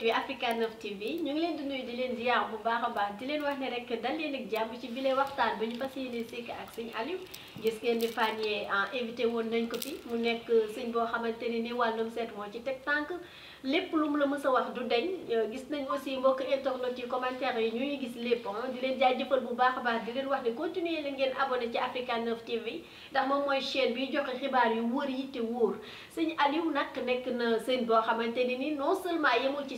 internet yu Africa 9 TV ñu ngi leen di nuyu di leen ziar bu baax a baax di leen wax ne rek dal leen ak jàmm ci bile waxtaan bu ñu fas yéene sekk ak sëñ Aliou gis ngeen di fan yee ah, invité woon nañ ko fi mu nekk sëñ boo xamante ne ni wàllum seet moo ci teg tànk lépp lu la mës a wax du dañ euh, gis nañ aussi mbokk internet yi commentaire yi ñuy gis lépp ah, di leen jaajëfal bu baax a baax di leen wax ne continuer la ngeen abonné ci Africa 9 TV ndax moom mooy chaîne bi joxe xibaar yu wóor yi te wóor sëñ Aliou nag nekk na sëñ boo xamante ni non seulement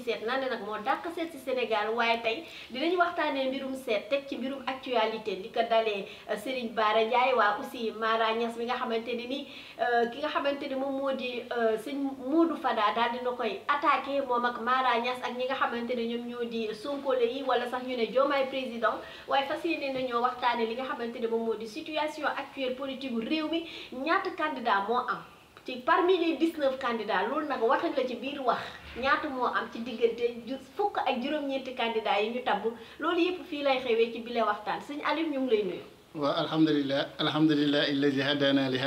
seet naa ne nag moo dàq seet ci Sénégal waaye tey dinañ waxtaanee mbirum seet teg ci mbirum actualité li ko dalee euh, Serigne Bara Ndiaye waa aussi Mara Niass mi nga xamante ni ni euh, ki nga xamante ni moom moo di euh, sëñ Modou Fada daal dina koy attaqué moom ak Mara Niass ak ñi nga xamante ne ñoom ñoo di Sonkole yi wala sax ñu ne Diomaye président waaye fas na ñoo waxtaanee li nga xamante ne moom moo di situation actuelle politique bu réew mi ñaata candidat moo am. ci parmi les 19 candidats loolu nag waxin la ci biir wax ñaata moo am ci diggante ju fukk ak juróom-ñeenti candidats yi ñu tabb loolu yëpp fii lay xewee ci bile waxtaan sëñ Aliou ñu ngi lay nuyu. waaw alhamdulilah alhamdulilah alladi hadana li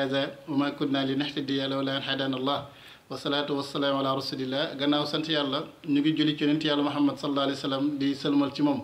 wa ma kunna li nahtadiya lawla an hadana allah wa salaatu wa salaamu ala rasulillah gannaaw sant yàlla ñu ngi julli ci yonent yàlla Muhammad sallallahu alayhi wa di sëlmal ci moom.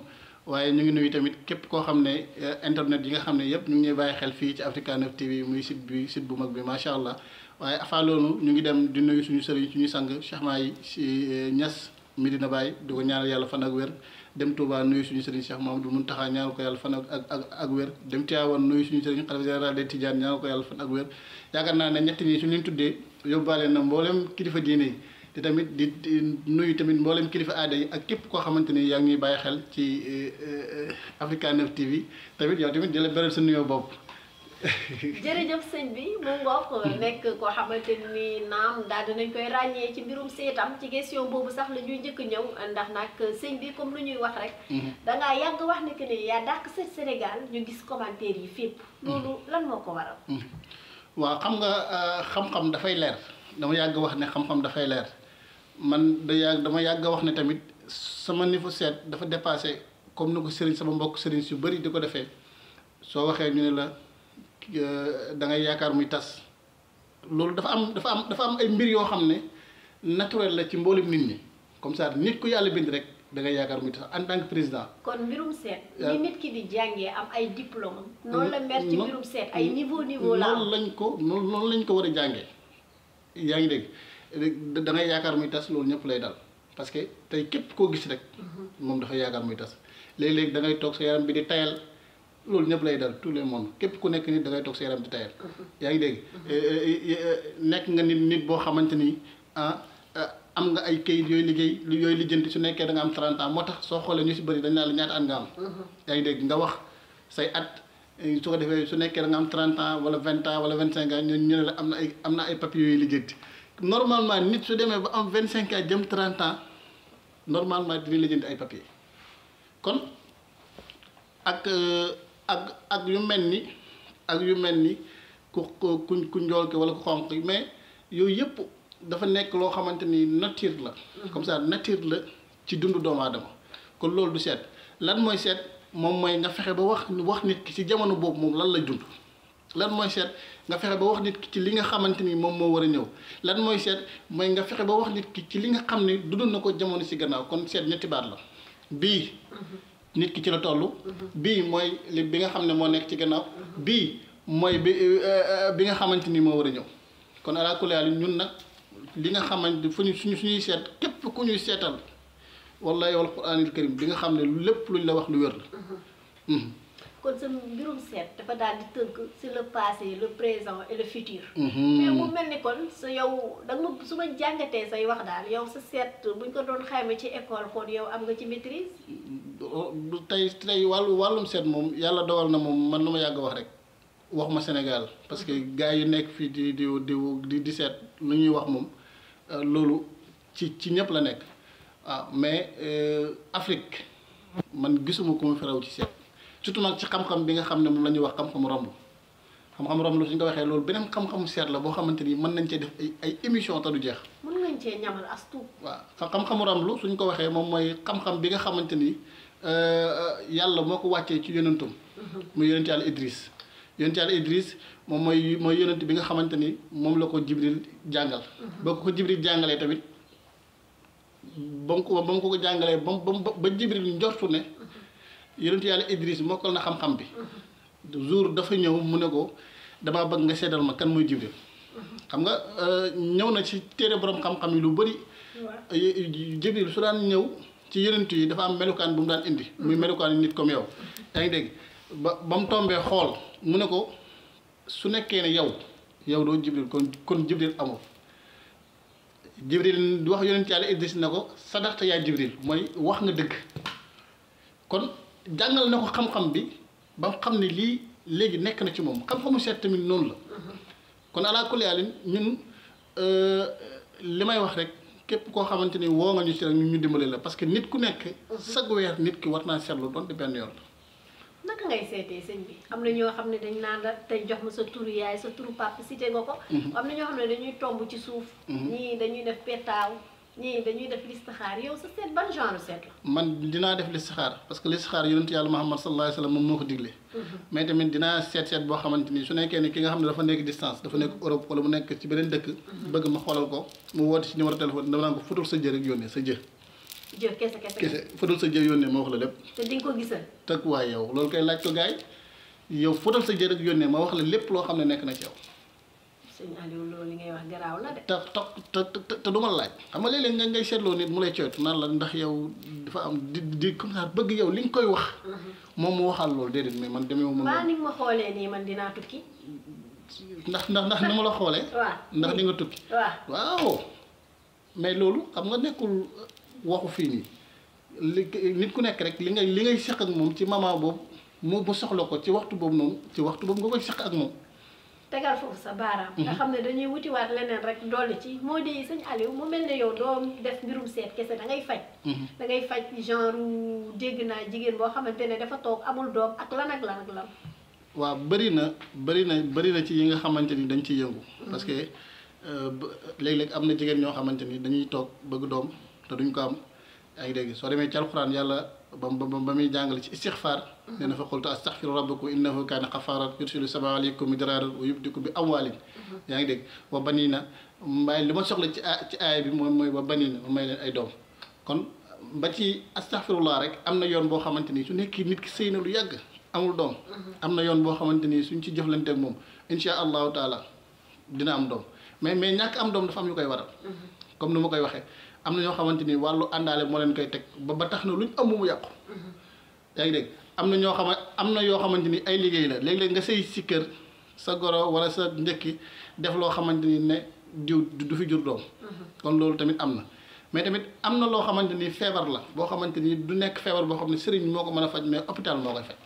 waaye ñu ngi nuyu tamit képp koo xam ne euh, internet yi nga xam ne yëpp ñu ngi ñuy bàyyi xel fii ci Africa 9 TV muy site bi site bu mag bi macha allah waaye afa ñu ngi dem di nuyu suñu sëriñ suñu sang Cheikh Mahi si euh, Niass Medina Baye di ko ñaanal yàlla fan ak wér dem Touba nuyu suñu sëriñ Cheikh Mamadou Mountakha ñaanal ko yàlla fan ak ak ak wér dem Tivaouane nuyu suñu sëriñ xalifa général des Tidianes ñaanal ko yàlla fan ak wér yaakaar naa ne ñett ñi ñu leen tuddee yóbbaale na mbooleem kilifa diine yi te tamit di nuyu tamit mboolem kilifa aada yi ak képp koo xamante ni yaa ngi ñuy bàyyi xel ci eh, eh, Africa Neuf TV tamit yow tamit di la beral sa nuyoo bopp. jërëjëf sëñ bi mu ngoog nekk koo xamante ni naam daal dinañ koy ràññee ci mbirum seetam ci question boobu sax la ñuy njëkk ñëw ndax nag sëñ bi comme lu ñuy wax rek. Mhm. da ngaa yàgg wax ne que ne yaa dàq sa Sénégal ñu gis commentaires yi fépp. Mhm. loolu lan moo ko waral. Mhm. waaw xam nga euh, xam-xam dafay leer dama yàgg wax ne xam-xam dafay leer man da yag dama yag wax ne tamit sama niveau set dafa dépasser comme ni serigne sama mbokk serigne su bëri diko defé so waxé ñu ne la euh, da ngay yakar muy tass lolu dafa am dafa am dafa am ay mbir yo xamné ne naturel la ci mbolim nit ñi comme ça nit ku yalla bind rek da ngay yakar muy tass en tant que président. kon mbirum set ya. ni nit ki di jangé am ay diplôme. non la mer ci mbirum set ay niveau niveau la non lañ ko non lañ ko wara jangé deg da ngay yaakaar muy tass lool ñëpp lay dal parce que tay képp ko gis rek mom dafa yaakaar muy tass leg leg da ngay tok sa yaram bi di tayal lool ñëpp lay dal tout le monde képp ku nekk ya, eh, eh, eh, ni da ngay tok sa yaram di tayal yaa ngi deg nekk nga nit nit bo xamanteni ah, ah am nga ay kayit yooyu liggéey yoy lijjanti su nekké ya, da nga am 30 ans motax so xolé ñu ci bari dañ naan la ñaat at nga am yaa ngi deg nga wax say at su ko defé su nekké da nga am 30 ans wala 20 ans wala 25 ans ñu ñu la amna na ay am ay papiers yoy lijjanti normalement nit su démé ba am 25 ans jëm 30 ans normalement dina la jënd ay papier kon ak euh, ak ak yu melni ak yu melni ku ku ku ndol ke wala ku xonk mais yoy yep dafa nek lo xamanteni nature la mm-hmm. comme ça nature la ci dundu doomu adam kon lolou du set lan moy set mom moy nga fexé ba wax wax nit ki ci jamono bobu mom lan la dund lan mooy seet nga fexe ba wax nit ki ci li nga xamante ni moom moo war a ñëw lan mooy seet mooy nga fexe ba wax nit ki ci li nga xam ni dund na ko jamono ci gannaaw kon seet ñetti baat la bii nit ki ci la toll bii mooy bi nga xam ne moo nekk ci gannaaw bii mooy bi eh, eh, bi nga xamante ni moo war a ñëw kon ala kulli ñun nag li nga xamante fu ñu suñu ñuy seet képp ku ñuy seetal wallahi wal quraanil karim bi nga xam ne lépp lu luñ la wax lu wér la mm-hmm. Mm-hmm. kon sa mbirum seet dafa daal di tënk si le passé le présent et le futur. Mhm. mais mu mel ni kon sa yow da nga su ma jàngatee say wax daal yow sa seet buñ ko doon xayma ci école kon yow am nga ci maîtrise. tey tey wàllu wàllum seet moom yàlla dogal na moom man lu ma yàgg wax rek wax ma Sénégal parce que mhm. gars yu nekk fii di di di di seet lu ñuy wax moom euh, loolu ci ci ñëpp la nekk waaw ah, mais euh, Afrique man gisuma ku ma fi ci seet. surtout nag ci xam-xam bi nga xam ne moom la ñuy wax xam-xamu romb xam-xam romb suñ ko waxee loolu beneen xam-xamu seet la boo xamante ni mën nañ cee def ay ay émission te du jeex. mën nañ cee ñamal as tuut. waaw xam-xamu romb ko waxee moom mooy xam-xam bi nga xamante ni euh, euh, yàlla moo ko wàccee ci yonentum mm-hmm. muy yonent yàlla Idris. yonent yàlla Idris moom mooy mooy yonent bi nga xamante ni moom la ko Jibril jàngal. Mm-hmm. boo ko Jibril jàngalee tamit ba mu ko ba mu ko jàngalee ba mu ba Jibril njortu ne. Mm-hmm. yonentu yàlla Idris mokkal na xam-xam bi jour dafa ñëw mu ne ko damaa bëgg nga seddal ma kan mooy Jibril xam nga euh, ñëw na ci téere borom xam-xam lu bëri Jibril su daan ñëw ci yonent yi dafa am melukaan bu mu daan indi muy mm-hmm. melukaan nit comme yow yaa dégg ba ba mu tombee xool mu ne ko su nekkee ne yow yow doo Jibril kon kon Jibril amul Jibril wax yonent yàlla Idris na ko sadaxta yaa Jibril mooy wax nga dëgg kon jàngal na ko xam-xam bi ba mu xam ne lii léegi nekk na ci moom xam-xamu seet tamit noonu la kon alaa kulli haal ñun euh, li may wax rek képp koo xamante ni woo nga ñu ci ñu dimbale la parce que nit ku nekk. sag weer nit ki war naa seetlu doon di benn yoon. naka ngay seetee sëñ bi am na ñoo xam ne dañ naan la tey jox ma sa turu sa turu si cité nga ko. Mhm. am na ñoo xam ne dañuy tomb ci suuf. Mhm. ñii dañuy def petaaw. ñi dañuy def listikhar yow sa seet ban genre seet la. man dina def listikhar parce que listixaar yonent yàlla Muhammad sallallahu alayhi wasallam sallam moom moo ko digle. mais tamit dinaa seet seet boo xamante su nekké ni ki nga xamne dafa nek distance dafa nek Europe wala mu nek ci benen dëkk. bëgg ma xolal ko mu woote ci numéro téléphone dama naan ko futul sa jë rek yónnee sa jë. jë kessa kessa kese futul sa jë yónnee ma wax la lépp. te ding ko gissal tak wa yow loolu kay laaj ko gars yow futul sa jë rek yónnee ma wax la lépp lo xamne nek na ci yow sëñ Aliou loolu la te te te te du ma laaj xam nga léeg-léeg nga ngay seetloo nit mu lay coytu naan la ndax yow dafa am di di comme ça bëgg yow li nga koy wax. Mhm. moom mu waxal loolu man demee wu ma. baa ni ma xoolee nii man dinaa tukki. ndax ndax ndax ni ma la xoolee. ndax di tukki. waaw mais loolu xam nga nekkul waxu fii nii li nit ku nekk rek li ngay li ngay seq ak moom ci maman boobu mu bu soxla ko ci waxtu boobu noonu ci waxtu boob nga koy seq ak moom. tegal foofu sa baaraam. Mhm. nga xam ne dañuy wutiwaat leneen rek dolli ci moo yi sëñ Aliou mu mel ne yow doo def mbirum seet kese dangay ngay faj. Mhm. dangay ngay faj genre dégg naa jigéen boo xamante ne dafa toog amul doom ak lan ak lan ak lan. waaw bëri na bëri na bëri na ci yi nga xamante ni dañ ciy yëngu. Mhm. parce que euh, léeg-léeg am na jigéen ñoo xamante ni dañuy toog bëgg doom te duñ ko am ay dégg soo demee ci alxuraan yàlla. بام بام بام بامي جانغال سي استغفار نانا فقلت استغفر ربكم انه كان غفارا يرسل السماء عليكم مدرارا ويبدكم باموال ياغ ديك وبنينا ماي لما سوخلا سي اي بي موي وبنينا ماي لين اي دوم كون باتي استغفر الله رك نيون يون بو خامتيني سو نيكي نيت كي سينا لو ياغ امول دوم امنا يون بو خامتيني سو نشي جوفلانتي موم ان شاء الله تعالى دينا ام دوم مي مي نياك ام دوم دا فام يوكاي وارال كوم نوماكاي واخه am na ñoo xamante ni wàllu àndaale moo leen koy teg ba ba tax na luñ ëmb mu yàqu. yaa dégg am na ñoo xam am na yoo xamante ni ay liggéey la léeg-léeg nga sëy si kër sa goro wala sa njëkki def loo xamante ni ne diw du fi jur doom. kon loolu tamit am na. mais tamit am na loo xamante ni feebar la boo xamante ni du nekk feebar boo xam ne sëriñ moo ko mën a faj mais hôpital moo koy faj.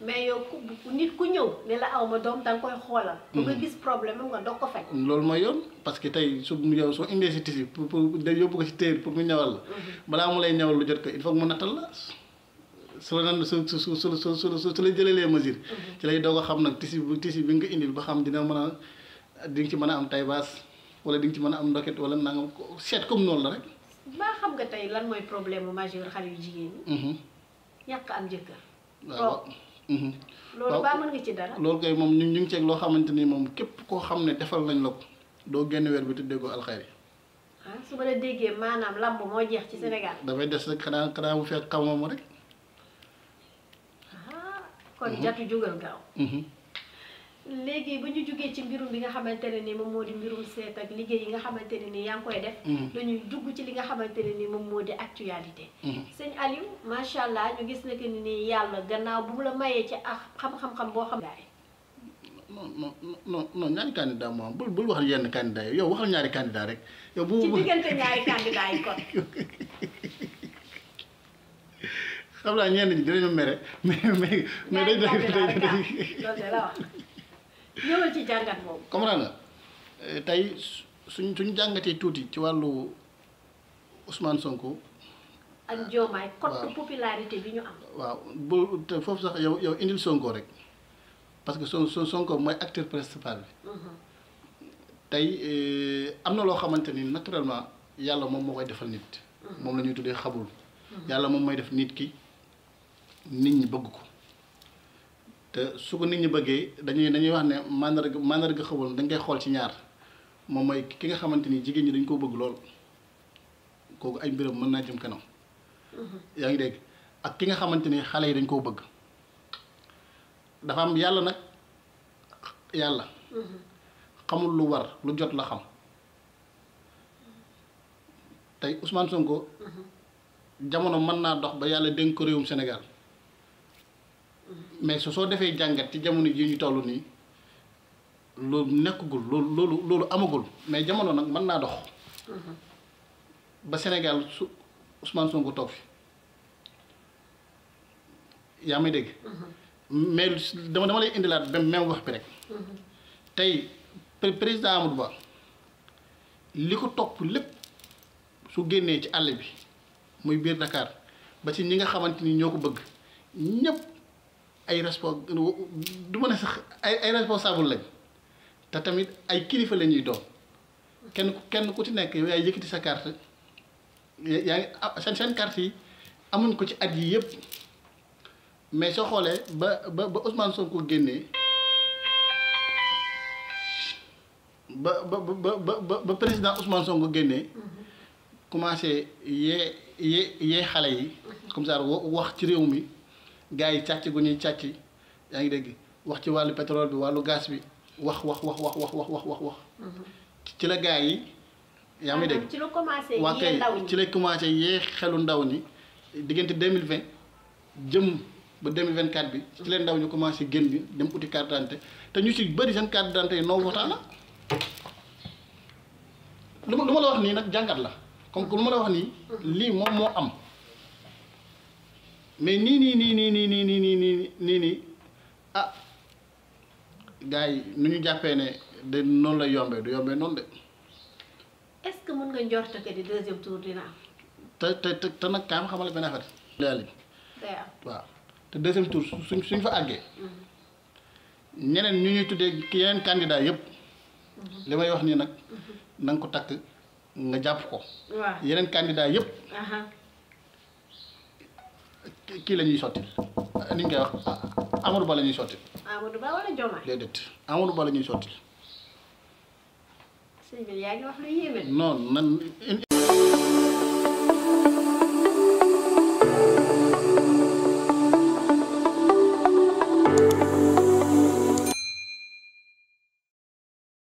mais yow ku nit ku ñëw ne la aw ma doom da nga koy xoolal. bu nga mm. gis problème nga doog ko faj. loolu mooy yoon parce que tey su yow soo indee si tissu pour pour yóbbu ko si téer pour mu ñawal la. Mm-hmm. balaa mu lay ñawal lu jot ko il faut que mu nattal la. su su su su su la jëlee les mesures. Mm-hmm. ci lay doog xam nag tissu bu tissu bi nga indil ba xam dina mën a di nga ci mën a am taille basse wala di nga ci mën a am ndoket wala nangam seet comme noonu la rek. maa xam nga tey lan mooy problème mu majeur xale yu jigéen ñi. Mm-hmm. am jëkkër. waaw Mhm. loolu baa mën nga ci dara. loolu kay moom ñu ngi ñu ngi ceeg loo xamante ni moom képp koo xam ne defal nañ la ko doo génn weer bi te déggoo alxayri. ah su ma la déggee maanaam lamb moo jeex ci Sénégal. dafay des rek xanaa xanaa bu fekk xamuma rek. Ah, kon mhm. jatu jugal gaaw. Mhm. léegi bu ñu jugee ci mbirum bi nga xamante ne nii moom moo di mbirum seet ak liggéey yi nga xamante ne ni yaa ngi koy def. Mm. dañuy dugg ci li nga xamante ne nii moom moo di actualité. Mm. sëñ Aliou macha allah ñu gis ne nii yàlla gannaaw bu mu la mayee ci ah xam-xam-xam boo xam. non non non non ñaari candidat moom bul bu wax yenn candidat yi yow waxal ñaari candidat rek. yow bu ci diggante ñaari candidat yi kon. xam naa ñenn ñi dinañu mere mais mais mais. ñaari candidat rek ah loolu de la wax. ñëwal ci jàngat boobu. comprendre nga euh, tey suñ suñ jàngatee tuuti ci wàllu Ousmane Sonko. ak Diomaye cote popularité bi ñu am. waaw bu foofu sax yow yow indil Sonko rek parce que son Sonko mooy acteur principal bi. Mhm. tey euh, am na loo xamante ni naturellement yàlla moom moo koy defal nit. Mhm. moom la ñuy tuddee xabul. Mhm. yàlla moom mooy def nit ki nit ñi bëgg ko. te su ko nit ñi bëggee dañuy dañuy wax ne mandarga mandarga xëwal dañ koy xool ci ñaar moom mooy ki nga xamante ni jigéen ñi dañ koo bëgg lool kooku ay mbiram mën naa jëm kanam. Mm-hmm. yaa ngi dégg ak ki nga xamante ni xale yi dañ koo bëgg dafa am yàlla nag yàlla. Mm-hmm. xamul lu war lu jot la xam tey Ousmane Sonko. Mm-hmm. jamono mën naa dox ba yàlla dénk ko réewum Sénégal. mais su soo defee jàngat ci jamono ji ñu toll nii loolu nekkagul loolu loolu amagul mais jamono nag mën naa dox. Mhm. ba Sénégal su Ousmane Sonko toog fi yaa may dégg. Mhm. mais dama dama lay indilaat même même wax bi rek. Mhm. tey président Amadou Ba li ko topp lépp su génnee ci àll bi muy biir Dakar ba ci ñi nga xamante ni ñoo ko bëgg ñëpp. ay respons du ma sax ay ay responsable lañ te tamit ay kilifa la ñuy doon kenn kenn ku ci nekk yow yaay yëkkati sa carte yaa ngi ah, seen seen carte yi amuñ ko ci at yi yëpp mais soo xoolee ba ba ba Ousmane Sonko génnee ba ba ba ba ba président Ousmane Sonko génnee mm-hmm. commencé yee yee xale yi mm-hmm. comme ça wax ci réew mi. gaay yi càcc gu ñuy càcc ngi dégg wax ci walu pétrole bi walu gaz bi wax wax wax wax wax wax wax wax wax mhm. ci la gaay yi ya ngi dégg waa kay ci lay commencé yee xelu ndaw ni digënté 2020 jëm ba 2024 bi ci leen ndaw ñu commencé génn dem outil carte d'identité té ñu ci bëri sen carte d'identité no votant la lu ma lu la wax ni nak jangat la comme luma lu la wax ni mhm. li moom mo am mais nii nii nii nii nii nii nii nii nii nii nii ah gars yi nu ñu jàppee ne de noonu la yombee du yombee noonu de. est-ce que mën nga njort que di deuxième tour dina am. te te te te nag kaam xamal benn affaire. daal waaw te deuxième tour suñ suñ fa àggee. Mm-hmm. ñeneen ñu ñuy tuddee ki yeneen candidat yëpp. Mm-hmm. li may wax nii nag. Mm-hmm. na ko takk nga jàpp ko. waaw yeneen candidat yëpp. kii la ñuy sotti wax Amadou Ba la ñuy sotti. Amadou Ba wala Diomaye. la ñuy sotti. sëñ bi yaa ngi wax non nan.